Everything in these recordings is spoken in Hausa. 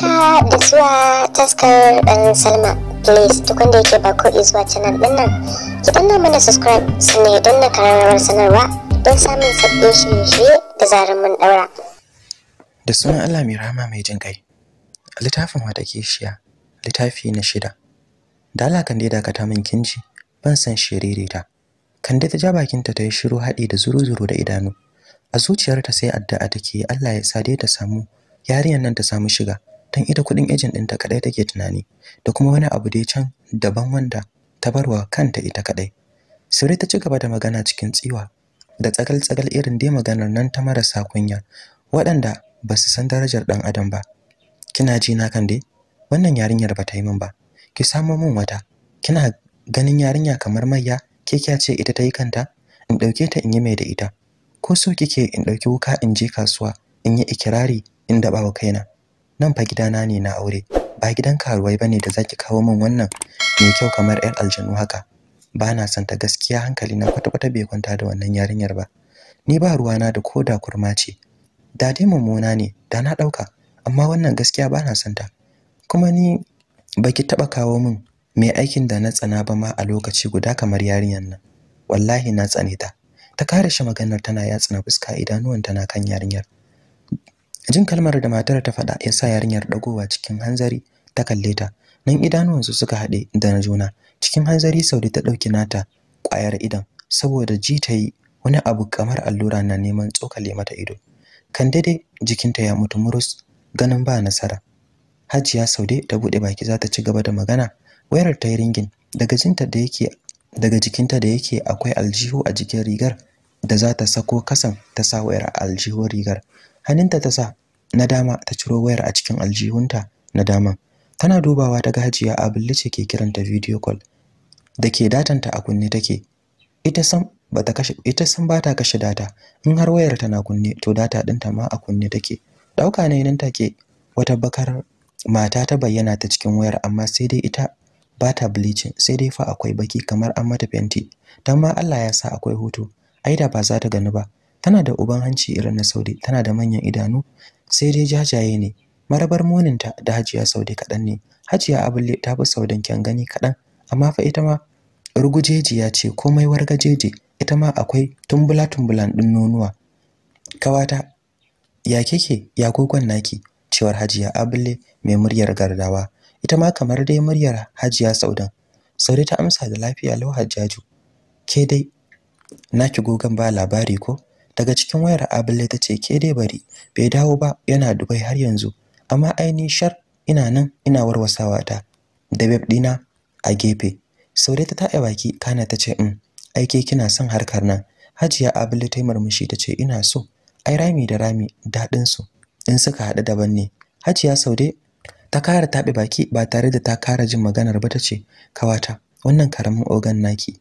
haka da zuwa taskar dan salma please duk wanda yake ba ko zuwa canal din nan ki danna mana subscribe sannan ya danna karamar sanarwa don samun sabbin shirye-shirye da zarar mun daura da sunan allah mai rama mai jin kai littafin wata shiya littafi na shida dala kan dai dakata min kinji ban san kan kande ta ja bakinta ta yi shiru haɗi da zuru-zuru da idanu a zuciyarta sai addu'a take Allah ya sade ta samu yarinyar nan ta samu shiga don ita kuɗin ejin ɗinta kaɗai take tunani da kuma wani abu da ya can daban wanda ta barwa kanta ita kaɗai sirri ta ci gaba da magana cikin tsiwa da tsagal-tsagal irin dai maganar nan ta marasa kunya waɗanda ba su san darajar ɗan adam ba kina ji na kan dai wannan yarinyar ba ta yi min ba ki samo min wata kina ganin yarinya kamar mayya ke kya ce ita ta yi kanta in ɗauke ta in yi mai da ita ko so kike in ɗauki wuka in je kasuwa in yi ikirari in daɓa wa kaina nan fa gidana ne na aure ba gidan karuwai bane da zaki kawo min wannan mai kyau kamar yar aljanu haka ba na son ta gaskiya hankali na kwata-kwata bai kwanta da wannan yarinyar ba ni ba ruwa na da koda kurma ce da dai mummuna ne da na dauka amma wannan gaskiya ba na son ta kuma ni baki taba kawo min mai aikin da na tsana ba ma a lokaci guda kamar yarinyar nan wallahi na tsane ta ta kare shi maganar tana yatsuna fuska idanuwan na kan yarinyar jin kalmar da matar ta faɗa ya sa yarinyar dagowa cikin hanzari ta kalle ta nan idanuwansu suka haɗe da na juna cikin hanzari saudi ta ɗauki nata ƙwayar idan saboda ji ta yi wani abu kamar allura na neman tsokale mata ido kan daidai jikinta ya mutu murus ganin ba nasara hajiya saude ta buɗe baki za ta ci gaba da magana wayar ta yi ringin daga jinta da yake daga jikinta da yake akwai aljihu a jikin rigar da za ta sako kasan ta sa wayar aljihun rigar hannunta ta sa na dama ta ciro wayar a cikin aljihunta na dama tana dubawa daga hajiya abin lice ke kiranta video call da ke datanta a kunne take ita sam ta kashe ita san ta kashe data in har wayar tana kunne to data dinta ma a kunne take dauka ne nan take wata bakar mata ta bayyana ta cikin wayar amma sai dai ita ba ta bleaching sai dai fa akwai baki kamar an mata fenti dan ma Allah ya sa akwai hoto ai da ba za ta gani ba tana da uban hanci irin na Saudi tana da manyan idanu sai dai jajaye ne marabar moninta da Hajiya Saudi kaɗan ne Hajiya Abulle ta fi Saudan kyan gani kaɗan amma fa ita ma rugujejiya ce komai wargajeje ita ma akwai tumbula tumbulan ɗin nonuwa kawata ya keke ya gogon naki cewar Hajiya Abulle mai muryar gardawa ita ma kamar dai muryar Hajiya Saudan Saudi ta amsa da lafiya lau Hajjaju ke dai naki gogon ba labari ko daga cikin wayar abin ta ce ke dai bari bai dawo ba yana dubai har yanzu amma aini shar ina nan ina warwasawa ta da beb dina a gefe Saude ta taɓa baki kana ta ce in mm, aike kina son harkar nan hajiya abule ta yi murmushi ta ce ina so ai rami da rami daɗinsu. su in suka haɗu daban ne hajiya saude ta kara taɓe baki ba tare da ta kara jin maganar ba ta ce kawata wannan karamin ogan naki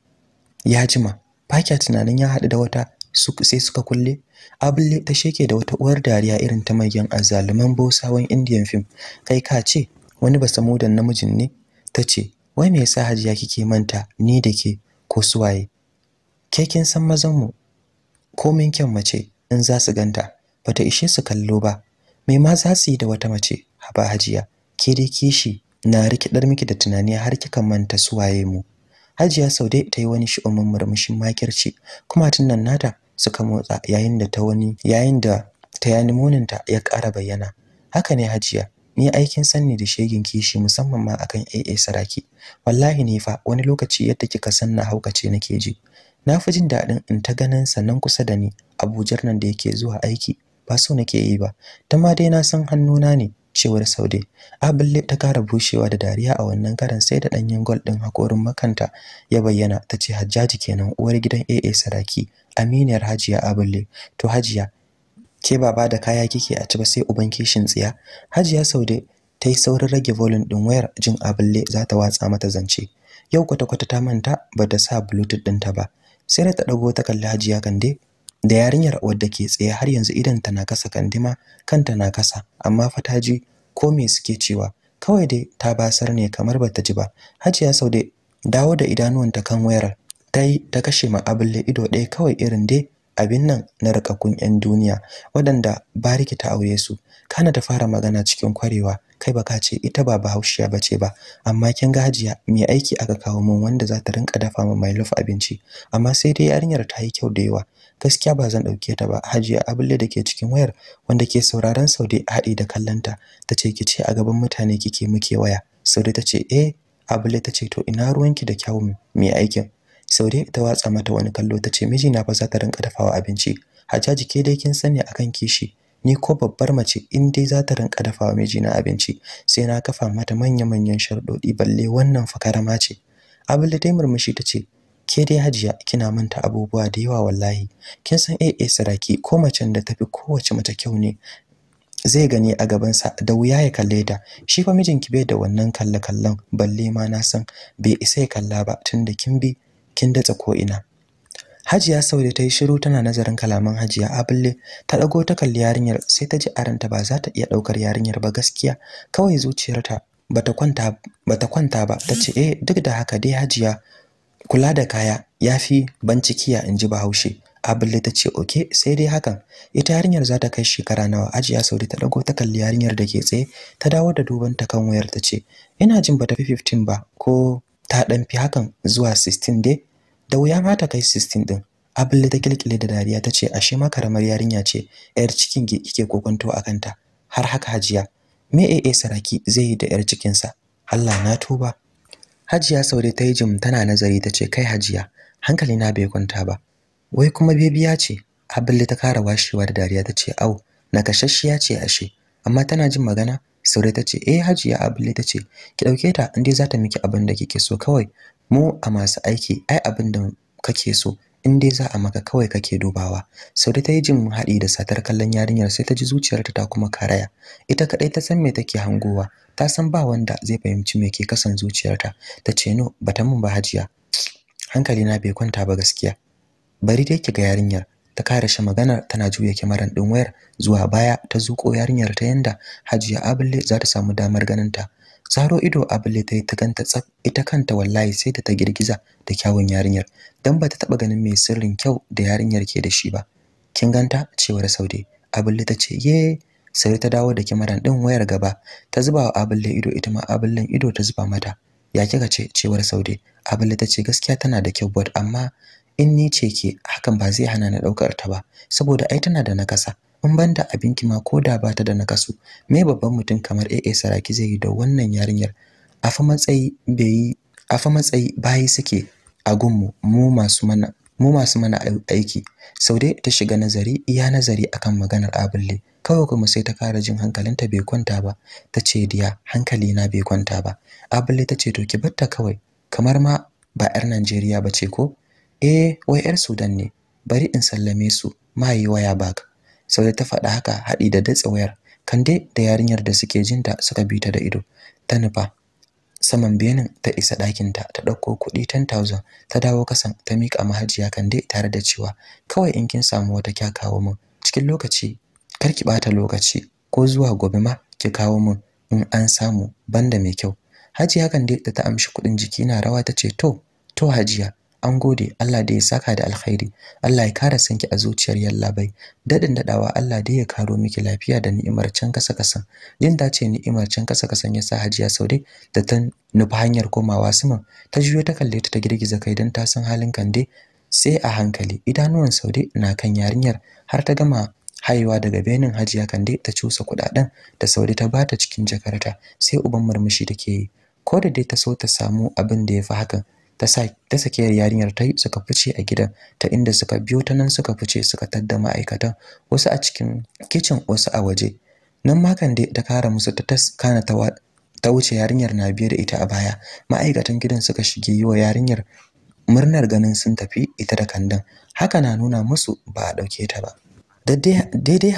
ya jima ba tunanin ya haɗu da wata sai suka kulle abule ta sheke da wata uwar dariya irin ta magen azzaluman bosawan indian film kai ka ce wani basamudan namijin ne ta ce wai me yasa hajiya kike manta ni da ke ko suwaye ke kin san mazanmu komin kyan mace in za su ganta ba ta ishe su kallo ba me ma za su yi da wata mace haba hajiya ke dai kishi na rikidar miki da tunani har kika manta suwaye mu hajiya saude ta yi wani shi'umin murmushin makirci kuma tun nan nata suka motsa yayin da ta wani yayin da ta ya ƙara bayyana haka ne hajiya ni aikin sanni da shegin kishi musamman ma akan AA saraki wallahi ne fa wani lokaci yadda kika san na haukace nake ji na fi jin daɗin in ta ganin sannan kusa da ni abujar nan da yake zuwa aiki ba so nake yi ba ta ma dai na san hannuna ne cewar saude abulle ah, ta kara bushewa da dariya a wannan karan sai da ɗanyen gol ɗin hakorin makanta ya bayyana ta ce hajjaji kenan uwar gidan aa saraki aminiyar Hajiya Abulle to Hajiya ke ba da kaya kike a ci ba sai uban kishin tsiya Hajiya Saude ta yi saurin rage volume din wayar jin Abulle za ta watsa mata zance yau kwata-kwata ta manta ba ta sa bluetooth ɗinta ba sai da ta ɗago ta kalli Hajiya Kande da yarinyar wadda ke tsaye har yanzu idan tana kasa kandima kanta na kasa amma fa ta ji ko me suke cewa kawai dai ta basar ne kamar bata ji ba Hajiya Saude dawo da idanuwanta kan wayar ta ta kashe ma abulle ido ɗaya kawai irin dai abin nan na rikakun 'yan duniya waɗanda bariki ta aure su kana ta fara magana cikin kwarewa kai ba ka ce ita ba bahaushiya bace ba amma kin ga hajiya mai aiki aka kawo min wanda za ta rinka dafa ma mai lufa abinci amma sai dai yarinyar ta yi kyau da yawa gaskiya ba zan ɗauke ta ba hajiya abulle da ke cikin wayar wanda ke sauraron saude haɗi da kallanta ta ce ki ce a gaban mutane kike muke waya saude ta ce eh abulle ta ce to ina ruwanki da kyawun mai aikin Saude ita watsa mata wani kallo ta ce miji na fa za ta rinka dafawa abinci. Hajjaji ke dai kin sani akan kishi. Ni ko babbar mace in dai za ta rinka dafawa miji na abinci sai na kafa mata manya-manyan sharɗoɗi balle wannan fa karama ce. Abdulla ta murmushi ta ce ke dai Hajiya kina manta abubuwa da yawa wallahi. Kin san AA Saraki ko macen da tafi kowace mata kyau ne zai gani a gabansa da wuya ya kalle da. shi fa mijinki bai da wannan kalle kallon balle ma na san bai isa ya kalla ba tunda kin bi kin datse ko ina Hajiya Saude ta yi shiru tana nazarin kalaman Hajiya Abulle ta dago ta kalli yarinyar sai ta ji aranta ba za ta iya daukar yarinyar ba gaskiya kawai zuciyarta bata kwanta bata kwanta ba tace eh duk da haka dai Hajiya kula da kaya yafi bancikiya ji Bahaushe Abulle ta ce oke sai dai hakan ita yarinyar za ta kai shekara nawa Hajiya Saude ta dago ta kalli yarinyar da ke tsaye ta dawo da duban ta kan wayar ta ce ina jin bata fi 15 ba ko ta dan fi hakan zuwa 16 dai da wuya ma ta kai 16 din abulle ta kilkile da dariya ta ce ashe ma karamar yarinya ce yar cikin ki kike kokonto a kanta har haka hajiya me ee saraki zai yi da yar cikinsa Allah na tuba hajiya saude ta yi jim tana nazari ta ce kai hajiya hankali na bai kwanta ba wai kuma bebiya ce abulle ta kara washewa da dariya ta ce au nakashashshiya ce ashe amma tana jin magana Saude ta ce, "Eh Hajiya Abule ta ce, ki dauke ta inda za ta miki abin da kike so kawai. Mu a masu aiki ai abin da kake so in dai za a maka kawai kake dubawa." Saude ta yi jin haɗi da satar kallon yarinyar sai ta ji zuciyarta ta kuma karaya. Ita kadai ta san me take hangowa, ta san ba wanda zai fahimci me ke kasan zuciyarta. Ta ce, "No, bata mun ba Hajiya." Hankali na bai kwanta ba gaskiya. Bari dai ki ga yarinyar, ta karashe maganar tana juya kyamaran ɗin wayar zuwa baya ta zuƙo, yarinyar ta yanda Hajiya Abulle za ta samu damar ganin ta Zaro ido Abulle ta yi ta ganta tsaf ita kanta wallahi sai ta ta girgiza da kyawun yarinyar dan ba ta taba ganin mai sirrin kyau da yarinyar ke da shi ba kin ganta cewar Saude Abulle ta ce ye sai ta dawo da kyamaran ɗin wayar gaba ta zuba wa Abulle ido ita ma Abulen ido ta zuba mata ya kika ce cewar Saude Abulle ta ce gaskiya tana da kyau but amma in ni ce ke hakan ba zai hana na daukar ta ba saboda ai tana da nakasa in banda abinki ma ko da ba ta da nakasu me babban mutum kamar AA Saraki zai yi da wannan yarinyar a fa matsayi bai a fa matsayi bayi suke a gunmu mu masu mana mu masu mana aiki sau dai ta shiga nazari iya nazari akan maganar abulle kawai kuma sai ta kara jin hankalinta bai kwanta ba ta ce diya hankali na bai kwanta ba abulle ta ce to ki batta kawai kamar ma ba 'yar Najeriya ba ce ko eh wai yar Sudan ne bari in sallame su mai waya sau da ta faɗa haka haɗi da datsa wayar kande da yarinyar da suke jinta suka bi ta da ido ta nufa saman benin ta isa ɗakinta ta ɗauko kuɗi 10,000 ta dawo kasan ta miƙa mahajiya kande tare da cewa kawai in kin samu wata kya mun, cikin lokaci kar ki ɓata lokaci ko zuwa gobe ma ki kawo mun in an samu banda mai kyau hajiya kande da ta amshi kuɗin jiki na rawa ta ce to to hajiya an gode Allah da ya saka da alkhairi Allah ya kara sanki a zuciyar yallabai dadin dadawa Allah da ya karo miki lafiya da ni'imar can kasa kasan jin ce ni'imar can kasa kasan ya sa Hajiya Saude da ta nufa hanyar komawa saman ta juyo ta kalle ta ta girgiza kai dan ta san halin Kande sai a hankali idanuwan Saude na kan yarinyar har ta gama haiwa daga benin Hajiya Kande ta cusa kudaden da Saude ta bata cikin jakarta sai uban murmushi take yi ko da dai ta so ta samu abin da ya fi hakan ta sake yarinyar ta suka fice a gidan ta inda suka biyo ta nan suka fice suka tadda ma'aikatan wasu a cikin kitchen wasu a waje nan makan dai ta kara musu ta taskana ta ta wuce yarinyar na biye da ita a baya ma'aikatan gidan suka shige yi wa yarinyar murnar ganin sun tafi ita da kandan haka na nuna musu ba a ɗauke ta ba daidai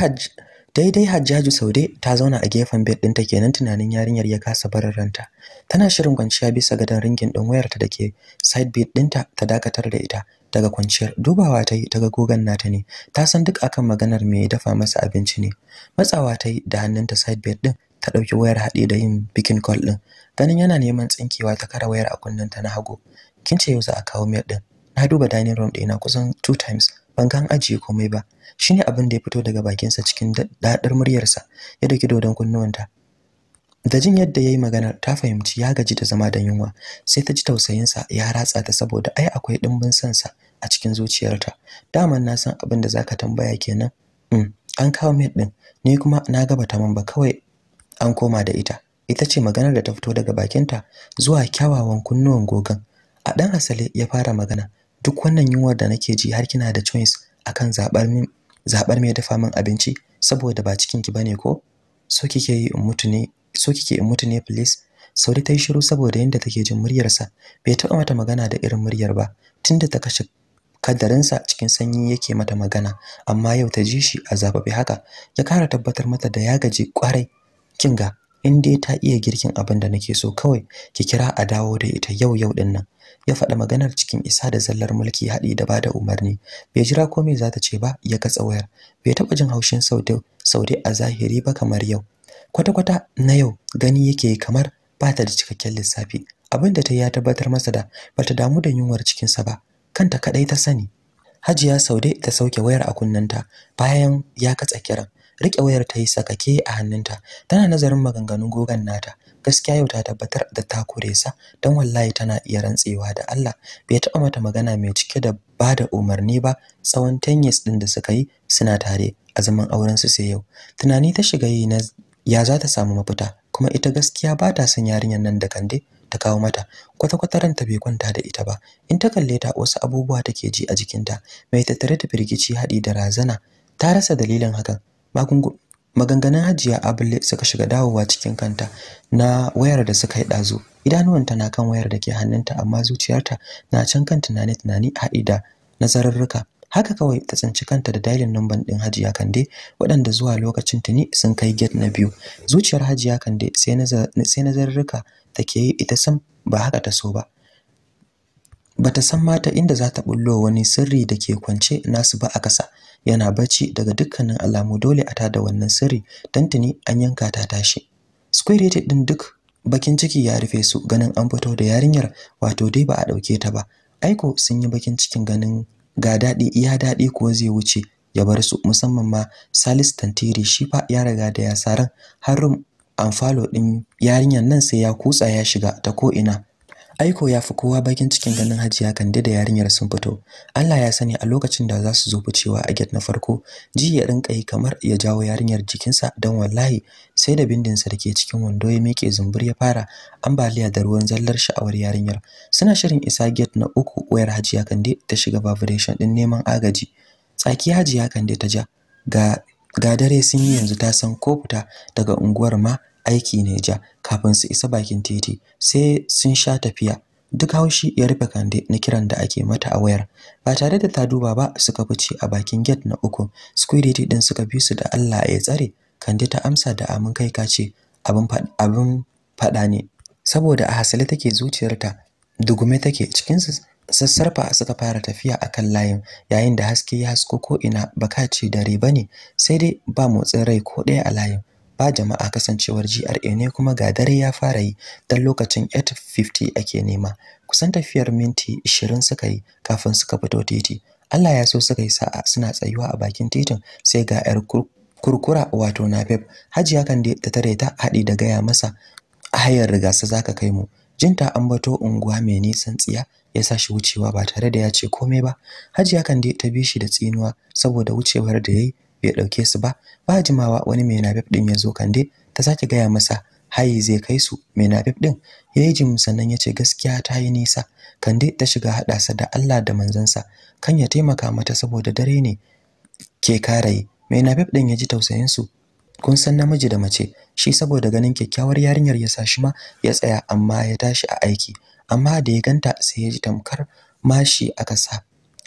daidai Hajjaju Saude ta zauna a gefen bed ɗinta kenan tunanin yarinyar ya kasa barin ranta tana shirin kwanciya bisa gadon ringin ɗin wayarta da ke side bed ɗinta ta dakatar da ita daga kwanciyar dubawa ta yi ta ga gogan nata ne ta san duk akan maganar me dafa masa abinci ne matsawa ta yi da hannunta side bed ɗin ta ɗauki wayar haɗe da yin bikin call ɗin ganin yana neman tsinkewa ta kara wayar a kunnen ta na hagu kin ce yau za a kawo miyar ɗin na duba dining room ɗina kusan two times ban ga an ajiye komai ba shine abin da ya fito daga bakinsa cikin muryar muryarsa ya dauki dodon kunnuwanta da jin yadda yayi magana ta fahimci ya gaji da zama da yunwa sai ta ji tausayin sa ya ratsa ta saboda ai akwai dimbin sansa a cikin zuciyarta daman na san abin da zaka tambaya kenan mm an kawo mai din ni kuma na gaba ta ba kawai an koma da ita ita ce maganar da ta fito daga bakinta zuwa kyawawan kunnuwan gogan a dan asali ya fara magana duk wannan yunwar da nake ji har kina da choice akan zabar min zabar me dafa min abinci saboda ba cikin ki bane ko so kike yi in mutu ne so kike in mutu ne please Saudi ta yi shiru saboda yadda take jin muryarsa bai taɓa mata magana da irin muryar ba tunda ta kashe kadarinsa cikin sanyi yake mata magana amma yau ta ji shi a zababe haka ya kara tabbatar mata da ya gaji kwarai kinga in dai ta iya girkin abin da nake so kawai ki kira a dawo da ita yau yau din nan ya faɗa maganar cikin isa da zallar mulki haɗi da bada umarni bai jira ko me za ta ce ba ya katsa wayar bai taɓa jin haushin saude saudi a zahiri ba kamar yau kwata-kwata na yau gani yake kamar ba ta da cikakken lissafi abin da ta ya tabbatar masa da ba ta damu da yunwar cikinsa ba kanta kaɗai ta sani hajiya saude ta sauke wayar a kunnenta, bayan ya katsa kiran rike wayar ta yi sakake a hannunta tana nazarin maganganun gogan nata gaskiya yau ta tabbatar da ta kore sa don wallahi tana iya rantsewa da Allah bai taɓa mata magana mai cike da ba da umarni ba tsawon 10 years din da suka yi suna tare a zaman auren su sai yau tunani ta shiga yi na ya za ta samu mafita kuma ita gaskiya ba ta son yarinyar nan da kande ta kawo mata kwata-kwata ranta bai kwanta da ita ba in ta kalle ta wasu abubuwa take ji a jikinta mai tattare da firgici haɗi da razana ta rasa dalilin hakan maganganun hajiya abule suka shiga dawowa cikin kanta na wayar da suka yi ɗazu idanuwanta na kan wayar da ke hannunta amma zuciyarta na can kan tunani-tunani haɗi da nazararruka haka kawai ta tsinci kanta da dailin numban ɗin hajiya kande waɗanda zuwa lokacin tuni sun kai get na biyu zuciyar hajiya kande sai nazararruka ke yi ita sam ba haka ta so ba bata san mata inda za ta bullo wani sirri da ke kwance nasu ba a kasa yana bacci daga dukkanin alamu dole a tada wannan sirri dan an yanka ta tashi square ɗin din duk bakin ciki ya rufe su ganin an fito da yarinyar wato dai ba a dauke ta ba aiko sun yi bakin cikin ganin ga daɗi iya daɗi kuwa zai wuce ya bar su musamman ma Salis Tantiri shi fa ya riga da ya saran har room follow din yarinyar nan sai ya kutsa ya shiga ta ko ina Aiko ya fi kowa bakin cikin ganin Hajiya Kande da yarinyar sun fito. Allah ya sani a lokacin da za su zo ficewa a get na farko, ji ya rinka yi kamar ya jawo yarinyar jikinsa don wallahi sai da bindinsa da ke cikin wando ya miƙe zumbur ya fara ambaliya da ruwan zallar sha'awar yarinyar. Suna shirin isa get na uku wayar Hajiya Kande ta shiga vibration din neman agaji. Tsaki Hajiya Kande ta ja ga ga dare sun yi yanzu ta san ko fita daga unguwar ma aiki ne ja kafin su isa bakin titi sai sun sha tafiya duk haushi ya rufe kande na kiran da ake mata a wayar ba tare da ta duba ba suka fice a bakin gate na uku security din suka bi su da Allah ya tsare kande ta amsa da amin kai ka ce abin abin fada ne saboda a hasale take zuciyarta dugume take cikin sassarfa suka fara tafiya akan layin yayin da haske ya hasko ko ina baka ce dare bane sai dai ba motsin rai ko ɗaya a layin ba jama'a kasancewar GRA ne kuma ga dare ya fara yi dan lokacin 8:50 ake nema kusan tafiyar minti 20 suka yi kafin suka fito titi Allah ya so suka yi sa'a suna tsayuwa a bakin titin sai ga yar kurkura wato Nafef Hajiya kan da tare ta haɗi da gaya masa a hayar rigasa zaka kai mu jinta bato unguwa mai nisan tsiya ya sa shi wucewa ba tare da ya ce komai ba Hajiya kan ta bi shi da tsinuwa saboda wucewar da yayi bai dauke su ba ba jimawa wani mai nafif din ya zo kande ta sake gaya masa hayi zai kai su mai nafif din ya yi jim sannan ya ce gaskiya ta yi nisa kande ta shiga haɗa sa da Allah da manzansa kan ya taimaka mata saboda dare ne ke karaye mai nafif din ya ji tausayin su kun san namiji da mace shi saboda ganin kyakkyawar yarinyar ya sa shi ma ya tsaya amma ya tashi a aiki amma da ya ganta sai ya ji tamkar mashi aka sa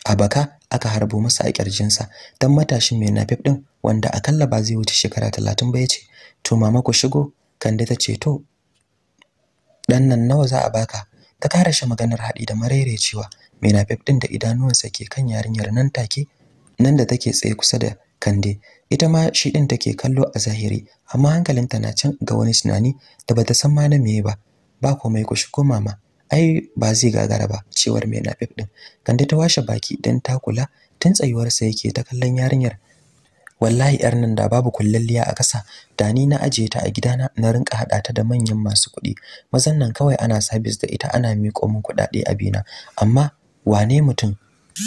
a baka aka harbo masa a kirjinsa dan matashin mai nafif din wanda akalla ba zai wuce shekara talatin ba yace to mama ku shigo kande ta ce to dan nan nawa za a baka ta karashe maganar haɗi da cewa mai nafif din da idanuwansa ke kan yarinyar nan take nan da take tsaye kusa da kande ita ma shi din take kallo a zahiri amma hankalinta na can ga wani tunani da bata san ma na meye ba ba komai ku shigo mama ai ba zai gagara ba cewar mai nafif din kande ta washe baki dan ta kula tun tsayuwarsa yake ta kallon yarinyar wallahi yar nan da babu kullalliya a ƙasa da ni na ajiye ta a gidana na rinka hada ta da manyan masu kuɗi mazan nan kawai ana sabis da ita ana miƙo min kuɗaɗe a bina amma wane mutum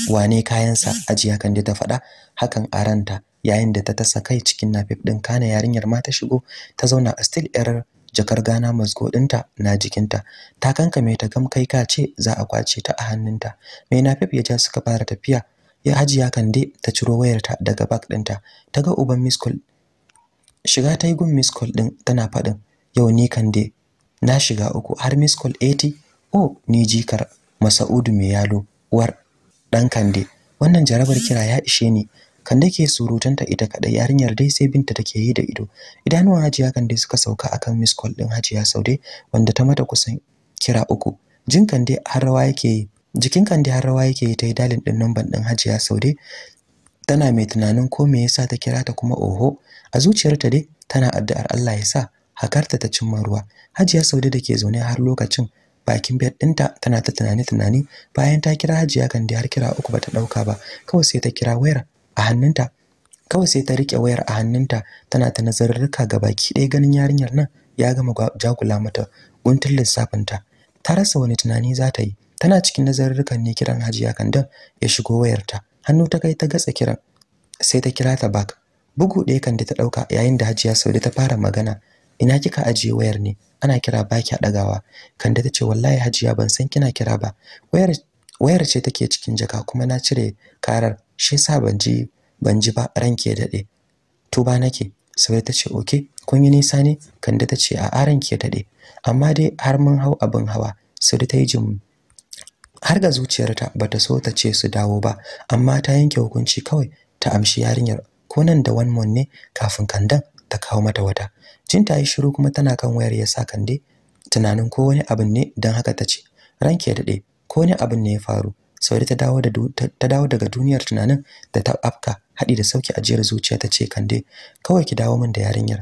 wane kayansa ajiya kande ta faɗa hakan a yayin da ta tasa kai cikin nafif din kana yarinyar ma ta shigo ta zauna a still yar jakar gana mazgo ɗinta na jikinta ta kankame ta gam kai ka ce za a kwace ta a hannunta mai nafif ya ja suka fara tafiya ya ya kande ta ciro wayarta daga bag ɗinta ta ga uban miskol shiga ta yi gun miskol din tana faɗin yau ni kande na shiga uku har miskol 80 oh ni jikar masa'udu mai yalo uwar ɗan kande wannan jarabar kira ya ishe ni kan ke surutanta ita kadai yarinyar dai sai binta take yi da ido idanuwan hajiya kan dai suka sauka akan miss call din hajiya saude wanda ta mata kusan kira uku jin kan dai har rawa yake jikin kan dai har rawa yake yi ta yi dalin din number din hajiya saude tana mai tunanin ko me yasa ta kira ta kuma oho a zuciyarta dai tana addu'ar Allah ya sa hakarta ta cimma ruwa hajiya saude da ke zaune har lokacin bakin bed ɗinta tana ta tunani tunani bayan ta kira hajiya kan dai har kira uku bata ɗauka ba kawai sai ta kira wayar a hannunta kawai sai ta rike wayar a hannunta tana ta nazararruka ga baki ɗaya ganin yarinyar nan ya gama jagula mata guntun lissafinta ta rasa wani tunani za ta yi tana cikin nazararrukan ne kiran hajiya kandan ya shigo wayarta hannu ta kai ta gatsa kiran sai ta kira ta bak bugu ɗaya kan da ta ɗauka yayin da hajiya saude ta fara magana ina kika ajiye wayar ne ana kira ba kya ɗagawa Kande ta ce wallahi hajiya ban san kina kira ba wayar wayar ce take cikin jaka kuma na cire karar shi yasa ban ji ban ji ba ranke ya dade to ba nake sai ta ce okay kun yi nisa ne Kande ta ce a ranke ya dade amma dai har mun hau abin hawa sai ta yi jin har ga zuciyarta ta so ta ce su dawo ba amma ta yanke hukunci kawai ta amshi yarinyar ko nan da one month ne kafin kandan ta kawo mata wata jin ta yi shiru kuma tana kan wayar ya sa kande tunanin ko wani abin ne don haka ta ce Ranke ya dade ko wani abin ne ya faru saurayi ta dawo da ta dawo daga duniyar tunanin da ta afka haɗi da sauki ajiyar zuciya ta ce kande kawai ki dawo min da yarinyar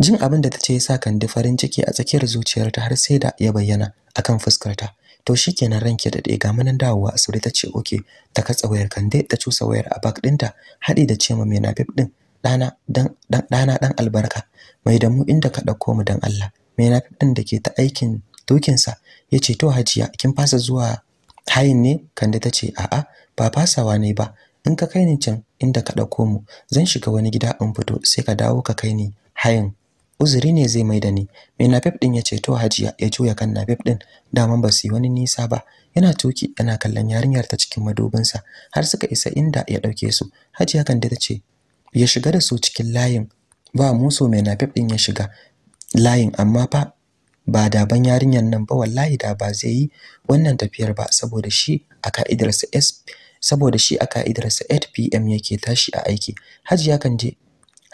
jin abin da ta ce yasa kande farin ciki a tsakiyar zuciyarta har sai da ya bayyana akan fuskarta to shikenan ranki da ga munan dawowa saurayi ta ce oke ta katsa wayar kande ta cusa wayar a bak ɗinta haɗi da ce ma mai nabib ɗin "Dana dan ɗan albarka mai da mu inda ka ɗauko mu dan Allah mai na ɗin da ke ta aikin dokinsa ya ce to hajiya kin fasa zuwa hayin ne kande tace a'a ba fasawa ne ba in ka kai ni can inda ka ɗauko mu zan shiga wani gida in fito sai ka dawo ka kai ni hayin uzuri ne zai mai da ni mai nafef din ya ce to hajiya ya juya kan nafef din daman ba su yi wani nisa ba yana tuki yana kallon yarinyar ta cikin madubinsa har suka isa inda ya ɗauke su hajiya kan da ta ya shiga da su cikin layin ba muso mai nafef din ya shiga layin amma fa ba da ban yarinyar nan ba wallahi da ba zai yi wannan tafiyar ba saboda shi a ka'idarsa S saboda shi a ka'idarsa 8 pm yake tashi a aiki hajiya kan je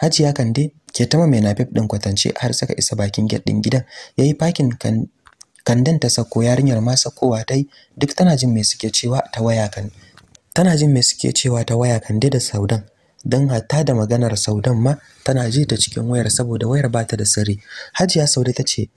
hajiya kan dai ke tama mai nafif din kwatance har saka isa bakin gate din gidan yayi parking kan kandan ta sako yarinyar ma sakowa tai duk tana jin me suke cewa ta waya kan tana jin me suke cewa ta waya kan da saudan dan hatta da maganar saudan ma tana ji ta cikin wayar saboda wayar ba ta da sirri hajiya saude ta ce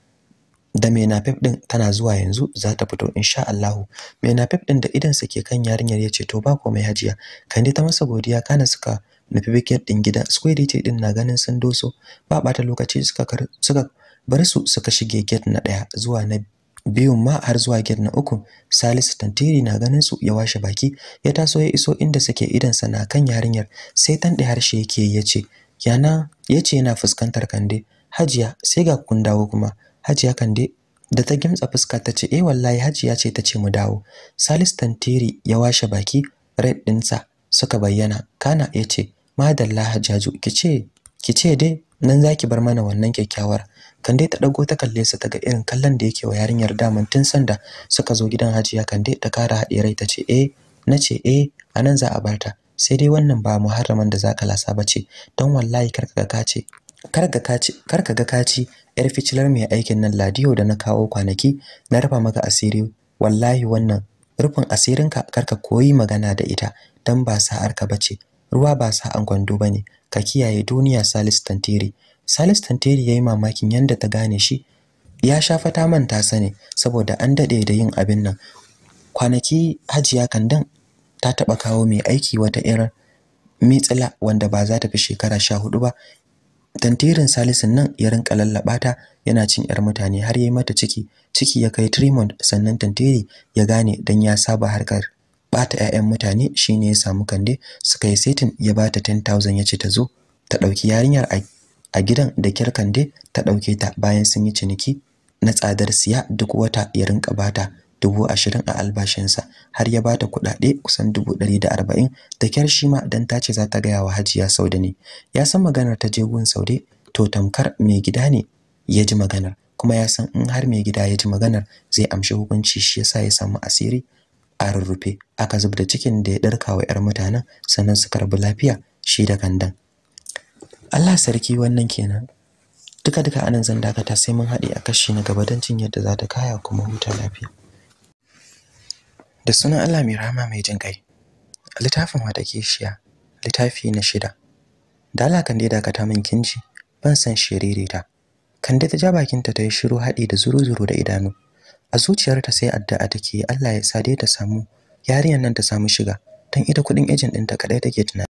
da menafef din tana zuwa yanzu za ta fito insha Allahu menafef din da idan ke kan yarinyar ya ce to ba komai hajiya kande ta masa godiya kana suka nufi bikin din gida square ce din na ganin sun doso ba bata lokaci suka suka bar su suka shige gate na daya zuwa na biyun ma har zuwa gate na uku Salisu Tantiri na ganin su ya washe baki ya taso ya iso inda suke idan sa na kan yarinyar sai tan da harshe yake yace yana yace yana fuskantar kande hajiya sai ga kun dawo kuma Hajiya Kande da ta gimtsa fuska ta ce eh wallahi Hajiya ce ta ce mu dawo. Salis Tantiri ya washe baki red ɗinsa suka bayyana. Kana ya ce madalla Hajaju Ki ce dai nan zaki bar mana wannan kyakkyawar. Kande ta dago ta kalle sa ta ga irin kallon da yake wa yarinyar daman tun sanda suka zo gidan Hajiya Kande ta kara haɗe rai ta ce eh ce eh anan za a barta sai dai wannan ba muharraman da zaka lasa ba ce. don wallahi karka ka ce kar ka ga kaci yar ficilar mai aikin nan ladiyo da na kawo kwanaki na rufa maka asiri wallahi wannan rufin asirinka kar ka koyi magana da ita dan ba sa'arka bace ruwa ba sa'an gwando ne. ka kiyaye duniya Salis Tantiri Salis Tantiri yi mamakin yanda ta gane shi ya shafa ta manta sane saboda an dade da yin abin nan kwanaki Hajiya Kandan ta taba kawo mai aiki wata irin mitsila wanda ba za ta fi shekara sha hudu ba tantirin salisun nan ya rinka lallaba ta yana cin yar mutane har yayi mata ciki ciki ya kai trimont sannan tantiri ya gane dan ya saba harkar bata ƴaƴan mutane shine ya samu kande suka yi setin ya bata 10000 yace ta zo ta dauki yarinyar a gidan da kyar kande ta dauke ta bayan sun yi ciniki na tsadar siya duk wata ya rinka bata dubu ashirin a albashinsa har ya bata kuɗaɗe kusan dubu ɗari da arba'in da kyar shi ma don ta ce za ta gaya wa hajiya saude ne ya san maganar ta je gun saude to tamkar mai gida ne ya ji maganar kuma ya san in har mai gida ya ji maganar zai amshi hukunci shi yasa ya samu asiri a rurrufe aka zub da cikin da ya ɗarka wa 'yar mutanen sannan su karbi lafiya shi da kandan Allah sarki wannan kenan duka duka anan zan dakata sai mun haɗe a kashi na gaba don cinye yadda za ta kaya kuma huta lafiya da sunan Allah mai rahama mai jin kai littafin wata kishiya littafi na shida dala kan dai dakata min kinji ban san shiririta kande ta ja bakinta ta yi shiru haɗi da zuru-zuru da idanu a zuciyarta sai addu'a take Allah ya sa ta samu yarinyar nan ta samu shiga dan ita kudin ejin ɗinta kadai take tunani